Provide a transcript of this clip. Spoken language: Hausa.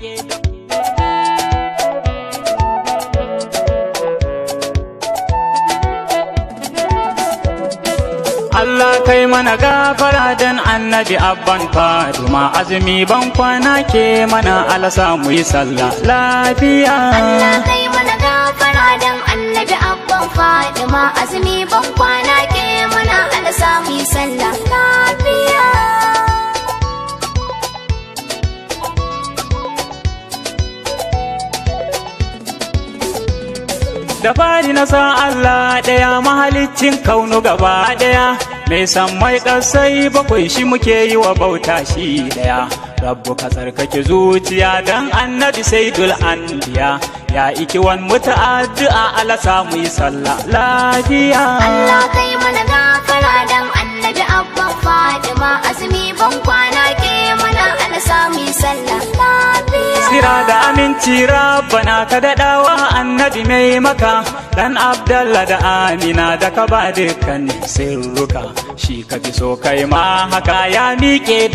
Allah kai mana gafara dan annabi abban faduma azumi ban kwana ke mana alasa mu yi sallah lafiya Allah kai mana gafara dan annabi abban faduma azumi ban kwana da fari na san Allah ɗaya mahaliccin kaunu gaba ɗaya mai san mai ƙasai bakwai shi muke yi wa bauta shi ɗaya rabbu ka tsarkake zuciya dan annabi sai dul anbiya ya iki wan muta addu'a ala samu yi sallah lafiya Allah kai mana gafara dan annabi abba fatima azumi ban kwana ke mana ala samu yi sallah kira da aminci rabbana ka daɗawa annabi mai maka dan abdallah da amina da ka ba dukkan sirruka shi ka fi so kai ma haka ya miƙe